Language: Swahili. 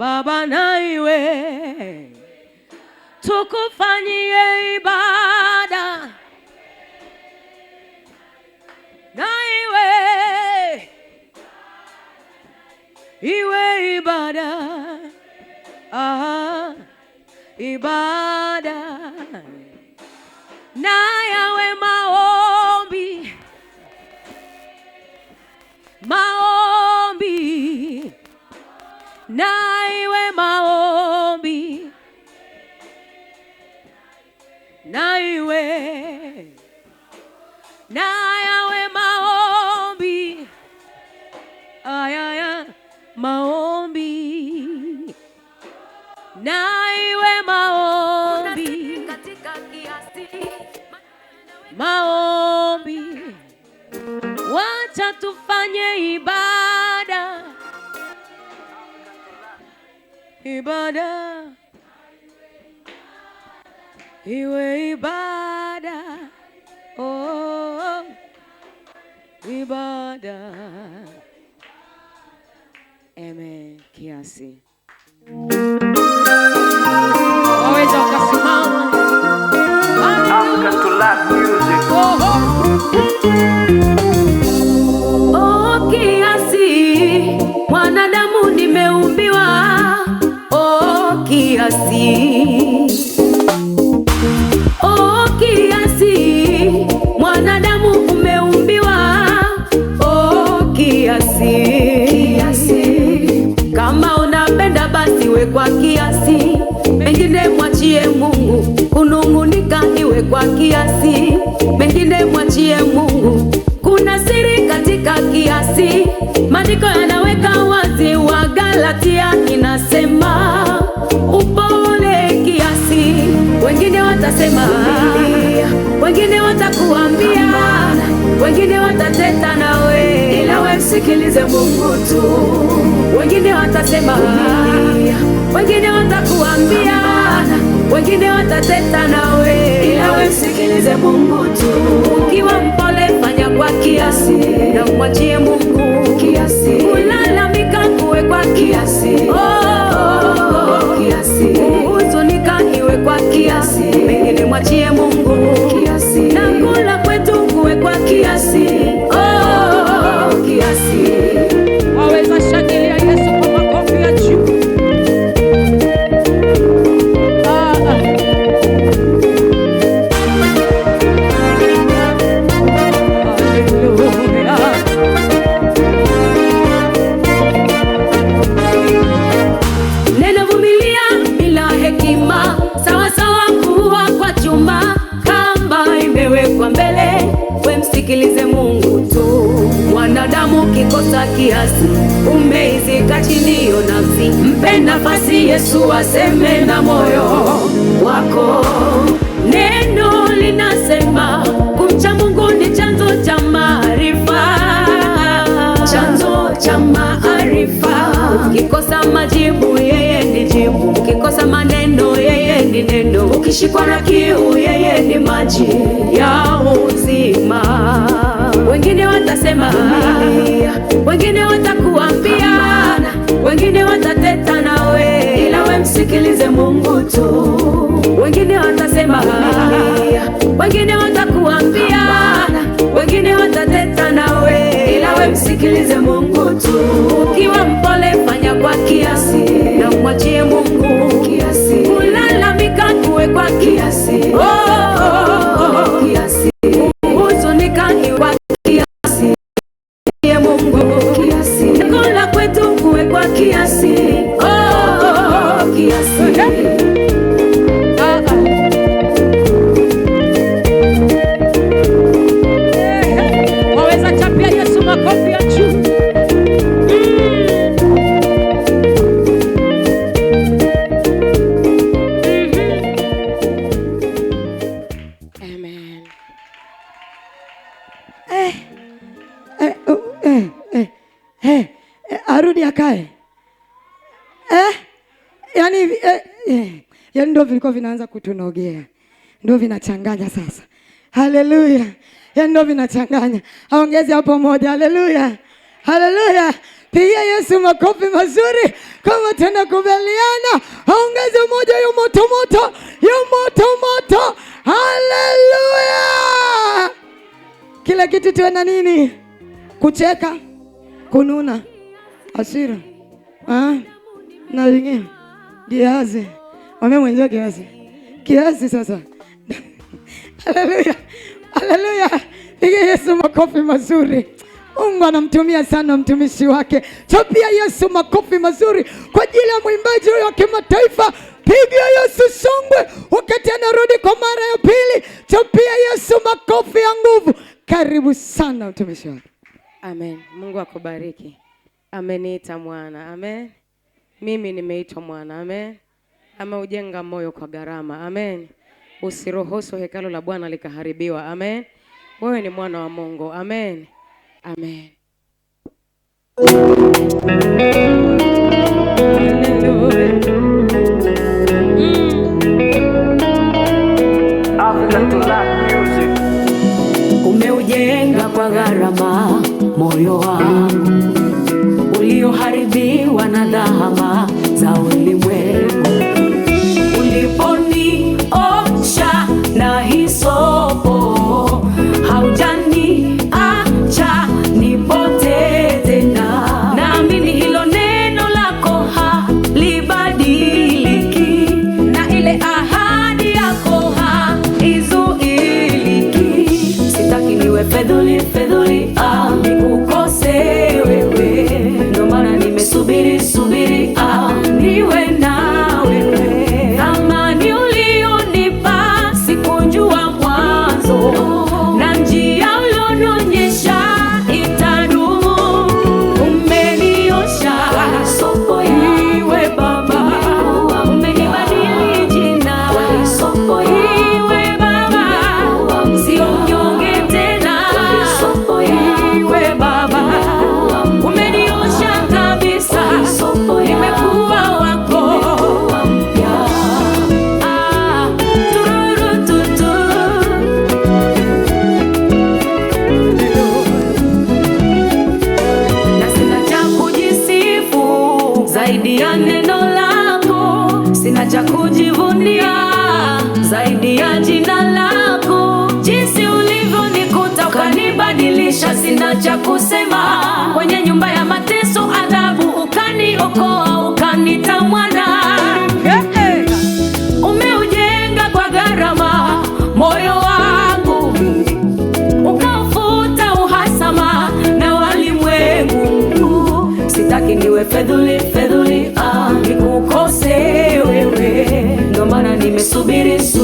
Baba, na iwe tukufanyie ibada, na iwe iwe ibada ah, ibada na yawe maombi na iwe na maombi ayaya maombi na maombi maombi, wacha tufanye ibada ibada, iwe ibada, oh, ibada. Amen. Kiasi. kiasi, mwanadamu umeumbiwa oh, kiasi. Kiasi kama unapenda basi we kwa kiasi, mengine mwachie Mungu. Kunung'unika iwe kwa kiasi, mengine mwachie Mungu. Kuna siri katika kiasi, maandiko yanaweka wazi. Wa Galatia inasema upole kiasi, wengine watasema wengine watakuambia, wengine watateta nawe, ila we msikilize Mungu tu. Wengine watasema, wengine watakuambia, wengine watateta nawe, ila we msikilize Mungu tu. see. damu kikosa kiasi, umeizika chini yo nafsi. Mpe nafasi Yesu aseme na moyo wako. Neno linasema kumcha Mungu ni chanzo cha maarifa, chanzo cha maarifa. Ukikosa majibu, yeye ni jibu. Ukikosa maneno, yeye ni neno. Ukishikwa na kiu, yeye ni maji ya uzima watasema, wengine watakuambia, wengine watateta we, ila we msikilize Mungu tu. Wengine watasema, wengine watakuambia, wengine watateta nawe, ila we msikilize Mungu tu. Ukiwa mpole akae eh? Yani eh, eh. Yani ndo vilikuwa vinaanza kutunogea, ndo vinachanganya sasa. Haleluya! Yani ndo vinachanganya. Aongeze hapo moja. Haleluya, haleluya! pia Yesu makofi mazuri kama tunakubaliana. Aongeze moja ya moto moto, ya moto moto. Haleluya! Kila kitu tuwe na nini? Kucheka, kununa Ah. na vingine kiasi, Wame mwenzio kiasi, kiasi. Sasa haleluya, haleluya, piga Yesu makofi mazuri. Mungu anamtumia sana mtumishi wake. chopia Yesu makofi mazuri kwa ajili ya mwimbaji huyo wa kimataifa. Piga Yesu songwe wakati anarudi kwa mara ya pili. chopia Yesu makofi ya nguvu. Karibu sana mtumishi wake. Amen. Mungu akubariki ameniita mwana. Amen. Mimi nimeitwa mwana. Amen. Ameujenga moyo kwa gharama. Amen. Usiruhusu hekalo la Bwana likaharibiwa. Amen. Wewe ni mwana wa Mungu. Amen. Amen. Umeujenga kwa gharama moyo wangu iliyoharibiwa na dhahama za ulimwengu. Uliponiosha na hisopo, haujani acha nipotee tena. Naamini hilo neno lako halibadiliki, na ile ahadi yako haizuiliki. Sitaki niwe fedhuli fedhuli, ah. kusema kwenye nyumba ya mateso, adhabu ukaniokoa, ukanita mwana. Umeujenga kwa gharama moyo wangu, ukafuta uhasama na walimwengu. Sitaki niwe fedhuli fedhuli, ah, nikukose wewe, ndo maana nimesubiri